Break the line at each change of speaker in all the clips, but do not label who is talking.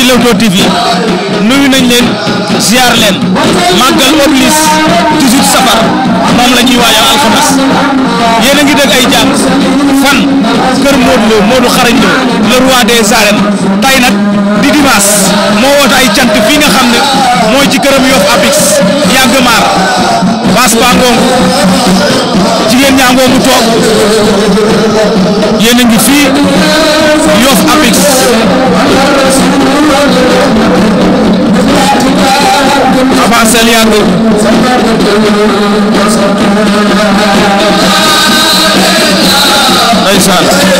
ci Leewtoo TV nuyu nañ leen ziar leen màggal oblige safar moom la ñuy
alxames yéen ngi dégg ay jàng fan kër Modou Lo Modou xarañ Lo le roi des arènes tay nag di dimanche moo woote ay cant fii nga xam ne mooy ci këram Yoff Apix yàgg maar baas baa ngoogu
jigéen ñaa ngoogu toog yéen ngi fii Yoff Apix Papa Seliago ndeysaan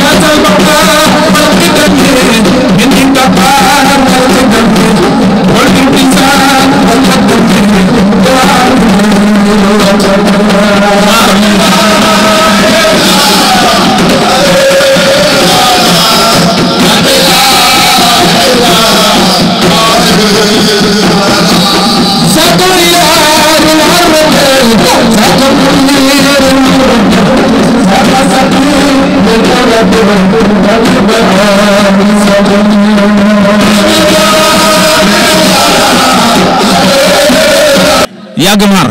yàgg maar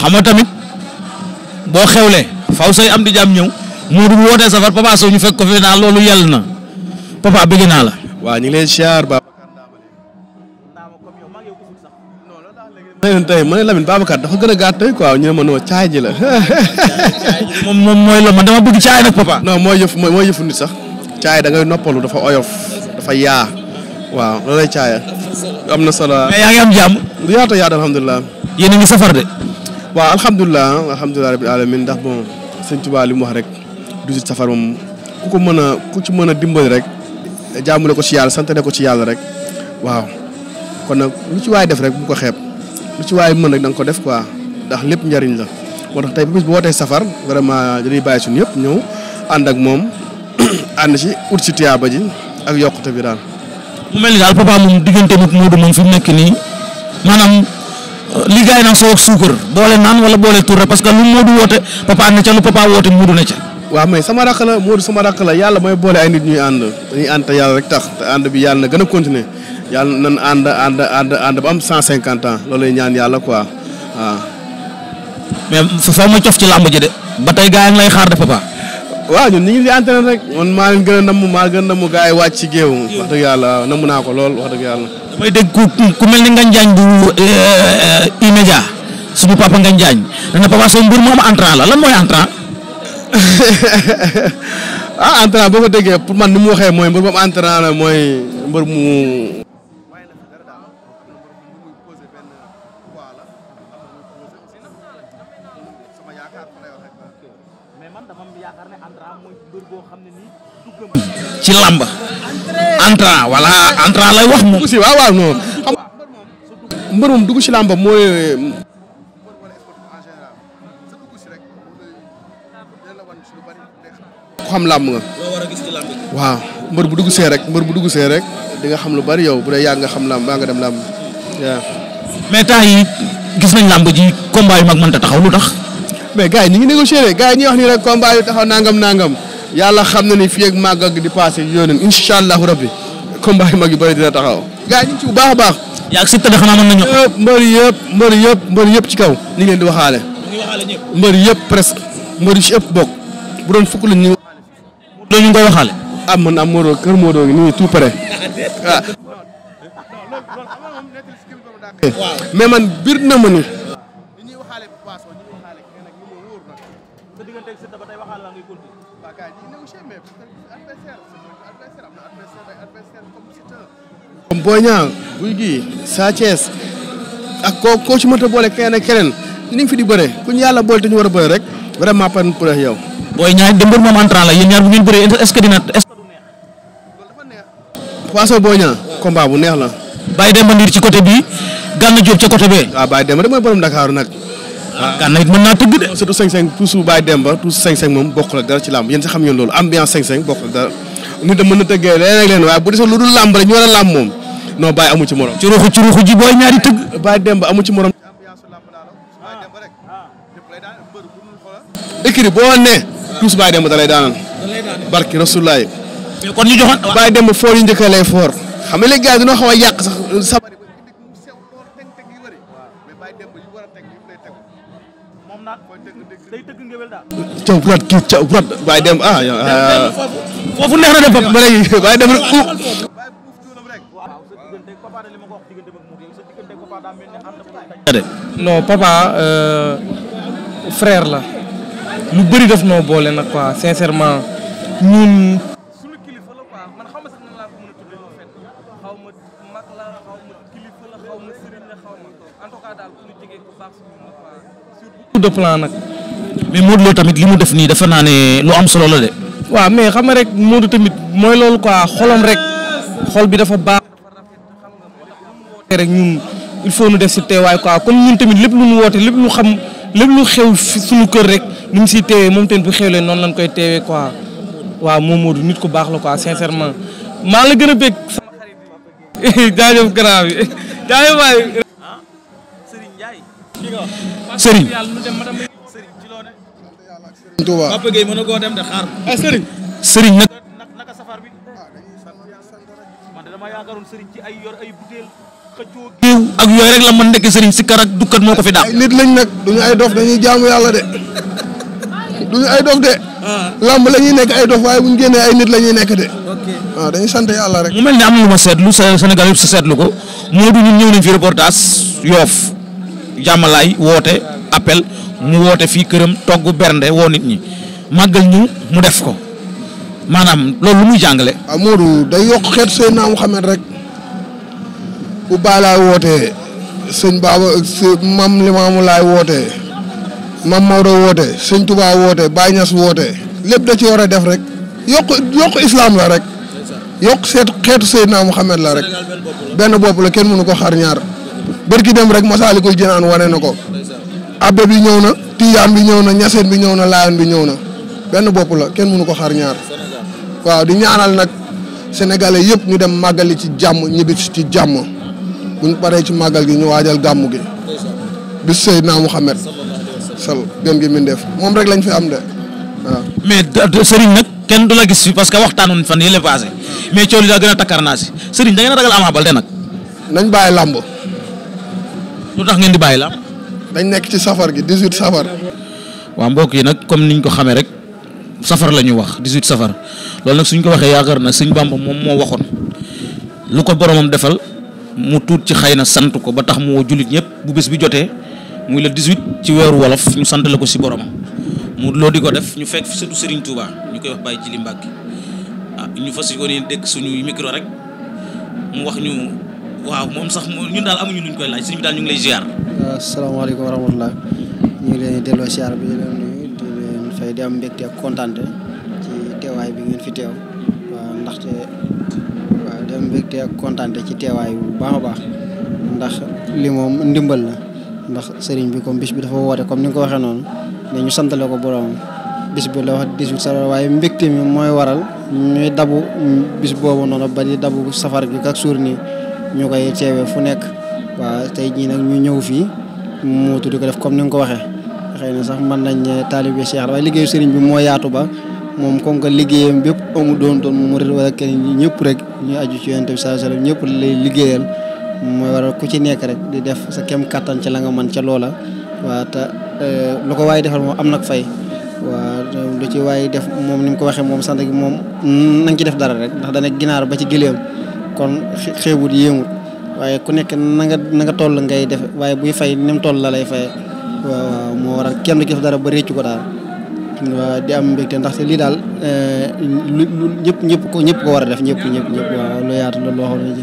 xam nga tamit boo xewle faw say am di jaam ñëw mu du wootee safar papa Sow ñu fekk ko fi naa loolu yàlla na papa bëgg naa la. waa ñu ngi leen ba.
ma ne leen tey ne Lamine Babacar dafa gën a gàtt tey quoi ñu ne ma non caay ji la. moom moom mooy la man dama bëgg caay nag papa. non mooy yëfu nit sax. caay da ngay noppalu dafa oyof dafa yaa waaw loolay caaya. am na solo yaa ngi am jàmm. yaata yaat alhamdulilah. yéen a ngi safar de. waaw alhamdulilah alhamdulilah rabbil alamin ndax bon sëñ Tuubaa li mu wax rek du ci safar ko mën a ku ci mën a dimbali rek jaamule ko ci yàlla santale ko ci yàlla rek waaw kon nag lu ci waay def rek bu ko xeeb lu ci waay mën rek da ko def quoi ndax lépp njariñ la moo tax tey bis bu wootee safar vraiment dañuy bàyyi suñu yëpp ñëw ànd ak moom. ànd ci ut ci tiyaaba ji ak yokkute bi daal.
mu mel ni daal papa moom diggante nag Modou moom fi mu nekk nii maanaam euh, li gars yi naan soo ak suukar boole naan wala boole tur parce que lu
Modou woote papa na ca lu papa woote Modou na ca. waaw mais sama rakk la Modou sama rakk la yàlla mooy boole ay nit ñuy ànd dañuy ànd te yàlla rek tax te ànd bi yàlla na gën a continuer yàlla nañ ànd ànd ànd am cent cof ci làmb ji
de ba tey
gars yi lay xaar de papa. waaw ñun ñu ngi di rek man maa gën a namm maa gën a namm gars yi wàcc ci géew wax dëgg yàlla waaw naa ko lool wax dëgg yàlla
damay dégg ku ku mel ni nga Diagne bu immédiat euh, suñu papa Ngagne Diagne dana Papa Sow mbir moom entrant la mooy entrant ah entrant boo ko déggee
pour man ni mu waxee mooy mbir moom entrant la mooy mbir mu
ci làmb entrant voilà entrant lay wax moom. aussi waaw waaw non.
mbër moom dugg ci làmb mooy. ku xam làmb nga. mbër bu dugg see rek mbër bu dugg see rek di nga xam lu bari yow bu dee yàgg nga xam làmb baa nga dem làmb
waaw. mais temps yi gis nañ làmb ji combat mag mënta taxaw lu tax.
mais gaa yi ñu ngi négocier gars yi ñuy wax ni rek combat yu taxaw nangam nangam. yàlla xam na ni fii ak màgg ak di passé yóneen incha allahu rabbi combat yi mag yu bëri dina taxaw. gars yi ñu ci bu baax a baax. yaa ngi si tëdd xanaa mën nañu. yëpp mbër yëpp mbër yëpp ci kaw. ñu ngeen di waxaale. ñu yëpp presque mbër yi si ëpp bokk bu doon fukk lañ ñu. Modou ñu ngi koy waxaale. Ah, man am ah, Modou kër Modou ngi nii tout près ah. waaw. man bir na gars yi négocier mais parce que adversaire adversaire koo koo ci mënta boole keneen ak ni nga fi di bëre ku ñu yàlla boole te ñu war a bëre rek vraiment pan pour yow. Boy Niang de mbër moom entrant la yéen ñaar bu ngeen bëree est-ce que dina est-ce que du neex. dafa neex. bu neex la. Baye Demba Ndir ci côté bi Gana Diop ca côté bee. waaw Baye Demba de mooy borom Dakar nag. gànna ah. it mën naa tëgg de surtout 5-5 toujours Baye Demba toujours 5-5 moom bokkul ak dara ci làmb yéen sax xam ngeen loolu ambiance 5-5 bokkul ak dara nit da mën na tëggee leen leen waaye bu desee lu dul làmb rek ñu war a làmb moom non Baye amu ci morom ci ruuxu ci ñaari tëgg Baye Demba amu ci morom écrit boo ne tous Baye Demba da lay daanal barki rasulaay kon ñu joxoon Baye Demba foor yu njëkk lay foor xam nga léegi gars yi dañoo a yàq sax day tëgg ngewel daal. caw pulaat kii caw pulaat Baye Dem ah. ah. foofu neex na dem Pape ba léegi Baye Dem rek ouf.
non papa euh, frère la. lu bëri daf noo boole nag quoi sincèrement ñun. de plan nag mais Modou Lo tamit li mu def nii dafa naa ne lu am solo la de. waaw mais xam nga rek Modou tamit mooy loolu quoi xolam rek xol bi dafa baax. rek ñun il faut nu def si teewaay quoi kon ñun tamit lépp lu ñu woote lépp lu xam lépp lu xew suñu kër rek ni si siy teewee moom teen bu xewlee noonu lañ koy teewee quoi waaw moom Modou nit ku baax la quoi sincèrement maa la gën a bég sama xarit jaajëf grand bi jaajëf waay ah, Serigne Touba Papa Gueye mën na koo de xaar ay sëriñ sëriñ nag naka safar bi man de dama yaakaaroon sëriñ ci ay yor ay butéel ak yooyu rek la mën nekk sëriñ si kar ak dukkat moo ko fi daal ay nit lañ nag duñu ay dof dañuy jaamu yàlla de
duñu ay dof de ah. làmb la ñuy nekk ay dof waaye buñ génnee ay nit la ñuy nekk de
waaw ah, dañuy sant yàlla rek mu mel ne am lu ma seetlu Sénégal yëpp sa seetlu ko moo du ñun ñëw nañ fi reportage yoof jàmmalaay woote appel mu woote fii këram togg bernde woo nit ñi màggal ñu mu def ko maanaam loolu lu muy jàngale. waaw ah, day yokk xeet Seydina Muhammad rek bu Baalaa woote
sëñ Baba mam Limaamu Laay wootee mam Maodo woote sëñ Touba wootee Baye Niass wootee lépp da ci war a def rek yokk yokk islam la rek yokk seet xeetu Seydina Muhammad la rek benn bopp la kenn mënu ko xar ñaar bërki dem rek Masaalikul Jinaan wane na ko. abbe bi ñëw na tijaan bi ñëw na ñaseen bi ñëw na laayan bi ñëw na benn bopp la kenn mënu ko xar ñaar waaw di ñaanal nag sénégalais yëpp ñu dem màggali ci jàmm ñibbi ci jàmm buñ paree ci màggal gi ñu waajal gàmmu gi bis Seydina Muhammad sal gën gi min def moom rek lañ fi am de
waaw mais Serigne nag kenn du la gis fi parce que waxtaan fan yële passé mais coow li daa gën a takkar si Serigne da ngeen a ragal Ama Baldé nag nañ bàyyi làmb lu tax ngeen di bàyyi làmb
dañ nekk ci safar gi 18 safar.
waa mbokk yi nag comme niñ ko xamee rek safar la ñu wax 18 safar loolu nag suñ ko waxee yaakaar na sëñ Bàmba moom moo waxoon lu ko boromam defal mu tuut ci xëy na sant ko ba tax mu woo jullit ñëpp bu bés bi jotee muy le 18 ci weeru wolof ñu sant la ko si boromam mu loo di ko def ñu fekk surtout Serigne Touba ñu koy wax Baye Jili Mbàkke ah ñu fas yéene dégg suñuy micro rek mu wax ñu waaw moom sax ñun daal amuñu luñ koy laaj sëñ daal ñu ngi lay ziar.
asalaamaaleykum wa rahmatulah ñu ngi leen di delloo siyaar bi di fay dem am mbégte ak kontaante ci teewaay bi ngeen fi teew waaw ndaxte waaw ak kontaante ci teewaay bu baax a baax ndax li moom ndimbal la ndax sëriñ bi comme bis bi dafa woote comme ni nga ko waxee noonu ne ñu santale ko borom bis bi la wax 18 safar waaye mbégte mi mooy waral ñuy dabu bis boobu noonu ba di dabu safar bi kak suur nii ñu koy teewee fu nekk. waaw tey jii nag ñu ñëw fii mu tudd ko def comme ni nga ko waxee xëy na sax mën nañ taalibe Cheikh waaye liggéeyu sëriñ bi moo yaatu ba moom comme que liggéeyam bépp amu doon doon mu murit wala kenn ñëpp rek ñu aju ci yonent bi sallallahu alayhi wasallam ñëpp lay liggéeyal mooy waral ku ci nekk rek di def sa kem kattan ci la nga mën ca loola waa te eh, lu ko waaye defal moom am nag fay waa lu ci waaye def moom ni mu ko waxee moom sant gi moom na ci def dara rek ndax dana ginaar ba ci gëléem kon xeebut yéemut waaye ku nekk nanga nga nga toll ngay def waaye buy fay ni mu toll la lay fay waaw waaw moo waral kenn du def dara ba réccu ko daal waaw di am mbégte ndaxte lii daal eh, lu ñëpp ñëpp ko ñëpp ko war a def ñëpp ñëpp lu yaatu la loo xam ne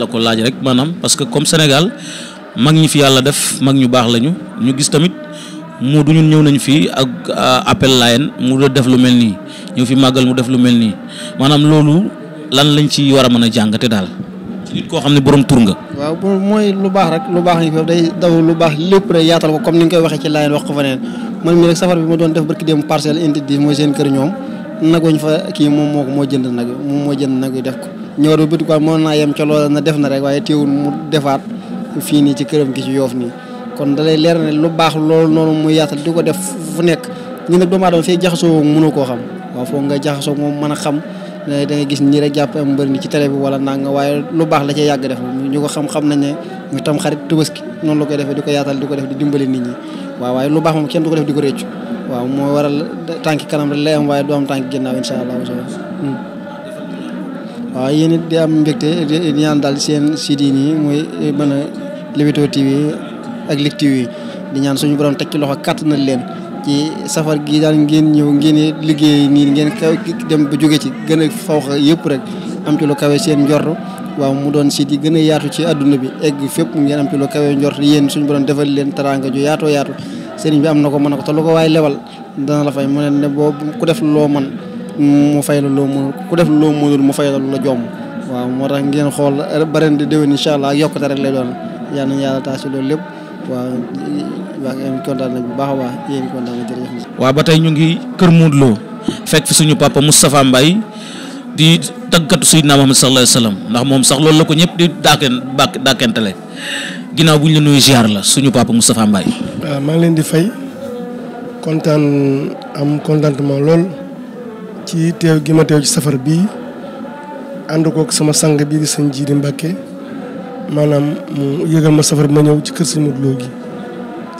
la ko laaj maanaam parce que comme Sénégal mag ñi fi yàlla def mag ñu baax lañu ñu gis tamit mu du ñun ñëw nañu fii ak ah, appel layen mu doon def lu mel nii ñëw fi màggal mu def lu mel nii maanaam loolu lan lañ ci war a mën a jàngate daal. ci koo xam ne borom tur nga.
waaw mooy lu baax rek lu baax ñu day daw lu baax lépp rek yaatal ko comme ni nga koy waxee ci laayeen wax ko fa neen man mii rek safar bi ma doon def barki dem parcelle indi di mooy seen kër moom moo ko moo jënd nag moom moo jënd nag ko ñëwar ba bëti quoi mën naa yem ca na rek waaye teewul mu defaat fii nii ci këram gi ci yoof nii kon da leer ne lu baax loolu noonu muy yaatal di ko def fu nekk ñu nag doomu aadama fii jaxasoo mënoo koo xam waaw foog nga jaxasoo moom mën a xam da ngay gis nii rek jàpp am mbër ni ci tele bi wala nanga waaye lu baax la cee yàgg def ñu ko xam-xam nañ ne ñu tam xarit tubaski noonu la ko defee di ko yaatal di ko def di dimbali nit ñi waaw waaye lu baax moom kenn du ko def di ko réccu waaw moo waral tànki kanam rek lay waaye du am tànki ginnaaw incha allah hmm. waaw yéen it di am mbégte di ñaan daal seen site yi nii muy mën a Leewtoo TV ak Lutte TV di ñaan suñu borom teg ci loxo kàttanal leen ci safar gi daal ngeen ñëw ngeen liggéey nii ngeen kaw dem ba jóge ci gën a faw yëpp rek am ci lu kawe seen njort waaw mu doon si di gën a yaatu ci àdduna bi egg fépp ngeen am ci lu kawe njort yéen suñu borom defal leen teraanga ju yaatoo yaatu sëriñ bi am na ko mën na ko te ko waaye lebal dana la fay mu ne ne boo ku def loo man mu fay la loo mënul ku def loo mu fay la lu la jomm waaw moo tax ngeen xool ba ren dee déwén incha allah ak yokkute rek lay doon yal loolu lépp waaw waa bu baax a baax
ba tey ñu ngi Kër Modou loo fekk fi suñu papa Moustapha mbay di tàggatu Seydina Muhammad sallallahu alayhi ndax moom sax loolu la ko ñëpp di daaken bàkk dàkkentale ginnaaw bu ñu la nuyu la suñu papa Moustapha Mbaye.
waaw maa ngi leen di fay kontaan am contentement lool ci teew gi ma teew ci safar bii ànd kook sama sang bii di sëñ Jiidi Mbàkke maanaam mu yëgal ma safar ma ñëw ci kër sëñ Modou Lo gi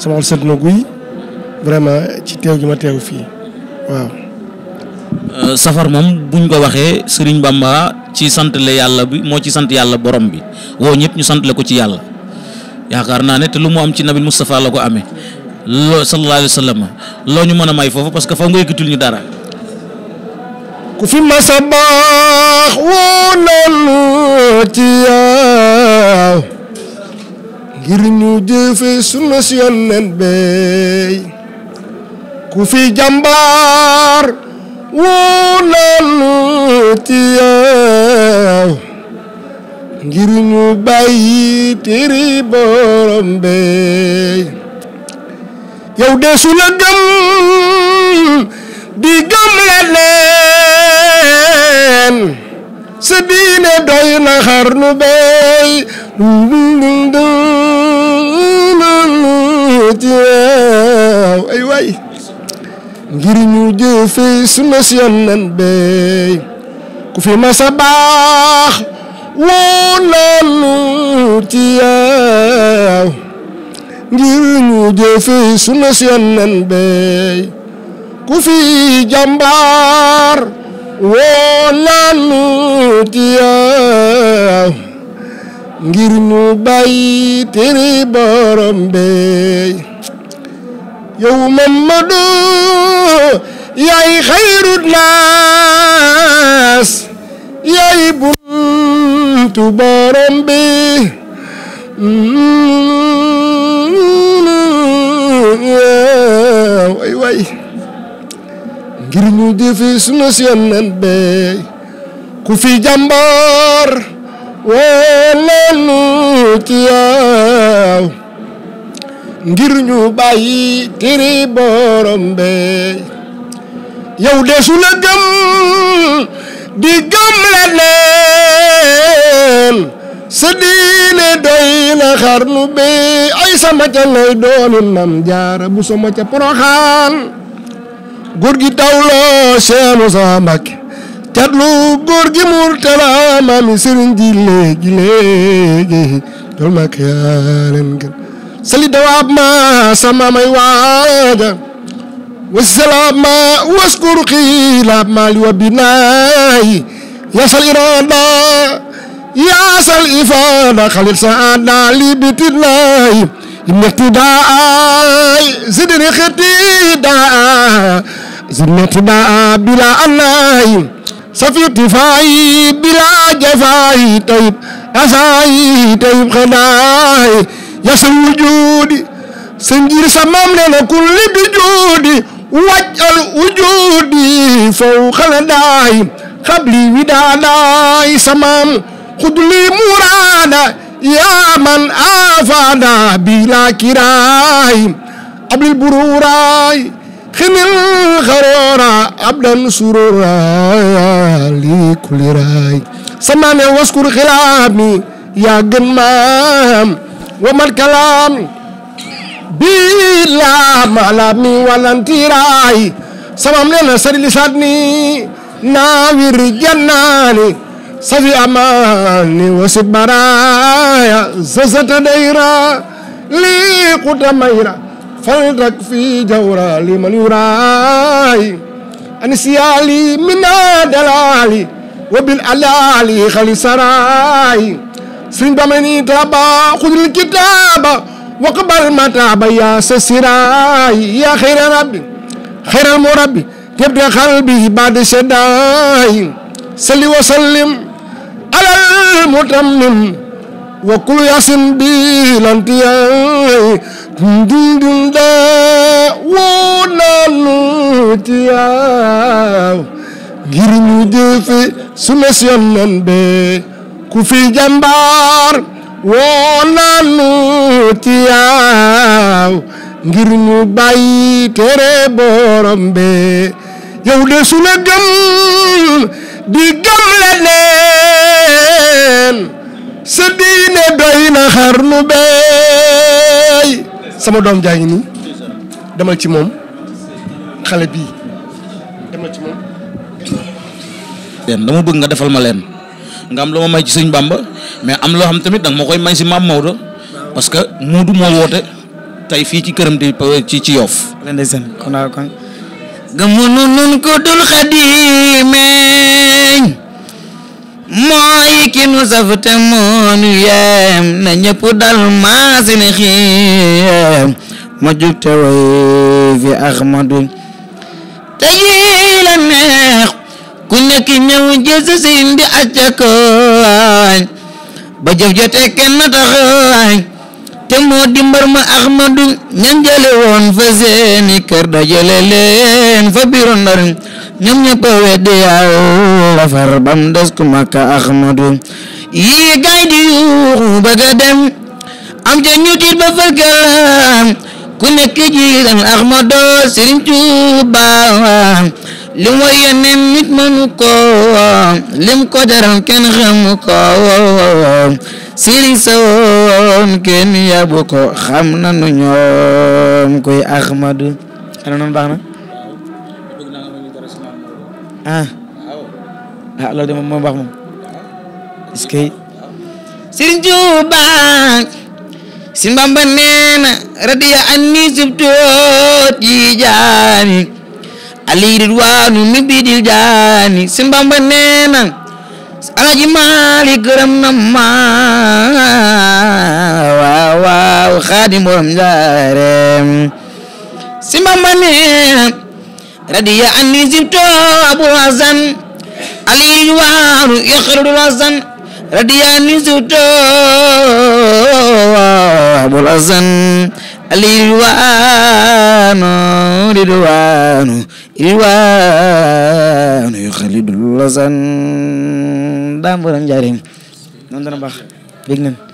sama xol sedd na guy vraiment ci teew gi ma teew fii waaw.
Euh, safar moom buñ ko waxee Serigne Bamba ci santale yàlla bi moo ci sant yàlla borom bi woo ñëpp ñu sant ko ci yàlla yaakaar naa ne te lu mu am ci nabil Moustapha la ko amee loo sallallahu alayhi wa loo ñu mën a may foofu parce que faw nga yëkkatul ñu dara.
ku fi ma sa baax woo loolu ci yàlla waaw ngir ñu sunna si bey ku fi jàmbaar woo naanu ci yow ngir tiri borom bey yow deesu la gëm di gëm leneen sa diine doy na xar nu béy ay waay ngir ñu jëfe sunna si Yonent béy ku fi mas baax woo naanu ci yow ngir ñu jëfe sunna si Yonent béy ku fi jàmbaar woonanu tiyaa ngir ñu bàyyi tere borom bey yow Mamadu yaay xayru naas yaay buntu borom bi ay way ngir ñu jëfi sunu yonent be ku fi jàmbaar walalu ci yaw ngir ñu bàyyi tiri borom be yow de su la gëm di gëm leneen sa diine doy na xarnu be ay sama ca lay dooni nam jaara bu sama ca poroxaan góor gi dawloo Cheikh Moussa Mbacke catlu góor gi ji léegi léegi loolu ma yaa leen gën sali dawaab ma sama may waaja wasalaam ma waskur xilaab ma li wa binaayi yasal irada yasal ifada xalit saada li bitidnaayi imnextidaayi sidini xetidaa زدنا باء بلا الله صفي ارتفاعي بلا جفاعي طيب أساعي طيب خداعي يسر وجودي سنجير سمام لنا كل بجودي واجعل وجودي فوق لداي قبلي وداداي سمام خذ لي مرادا يا من آفانا بلا كراي قبل البروراي ximil xaroora abdan surura lii kulli raay sama ne waskur xilaami yaa gën maam wa man kalaam bi laa maalaami walantiraay samam ne na sari lisaat ni naawir jannaani safi amaani wasit baraaya sasata dayra lii quta mayra فالرك في جورا لمن يراي أنسيالي من دلالي وبالألالي خلي سراي سن بمني تابا خذ الكتاب وقبل ما تابا يا سسراي يا خير ربي خير المربي تبدأ قلبي بعد شداي سلي وسلم على المتمم وكل ياسم بي لانتياي dindinda wonanu ci yaw ngir ñu jëfe sunu yoon be ku fi jàmbaar wonanu ci yaw ngir ñu bàyyi tere borom be yow de sunu gëm di gëm leneen sa diine doy na xarnu be sama doom jaa ngi nii demal ci moom
xale bii demal ci moom. leen dama bëgg nga defal ma leen nga am loo ma may ci sëñ Bamba mais am loo xam tamit danga ma koy may si maam Maodo parce que Moodu moo woote tey fii ci këram di ci ci Yoff. ndeysaan
kon kon. gëmu nun ko dul xadimeñ mooy ki nu saf te moonu yem na ñëpp dal maasini xiyem ma jug te way fi Ahmadu te yii la neex ku nekk ñëw jël si indi acca kooñ ba jëf jote kenn taxañ te moo di ma Ahmadu ñan jële woon fa seeni kër dajale leen leen fa biiru ndar ñoom far bam des ku makka ahmadu yii gaay di yuuxu bëgg a am ca ñu tiit ba fëlkël ku nekk jiital ahmadu sëriñ Tuuba li mu war yeneen nit mënu ko lim ko jaral kenn xamu ko sëriñ sa woon kenn yabu ko xam na nu ñoom kuy ahmadu ana noonu baax na ah ah loolu de radiya anni subtoot yi jaani ali ridwaanu mi bidil jaani si Bamba nee Maalik gërëm na ma waaw waaw Xaadimu Bamba nee na radiya anni zibtu abu hasan ali yuwaaru yaxrudu hasan radiya anni zibtu abu hasan ali yuwaanu ridwaanu ridwaanu yaxrudu hasan daam borom njaarim noonu baax bég nañ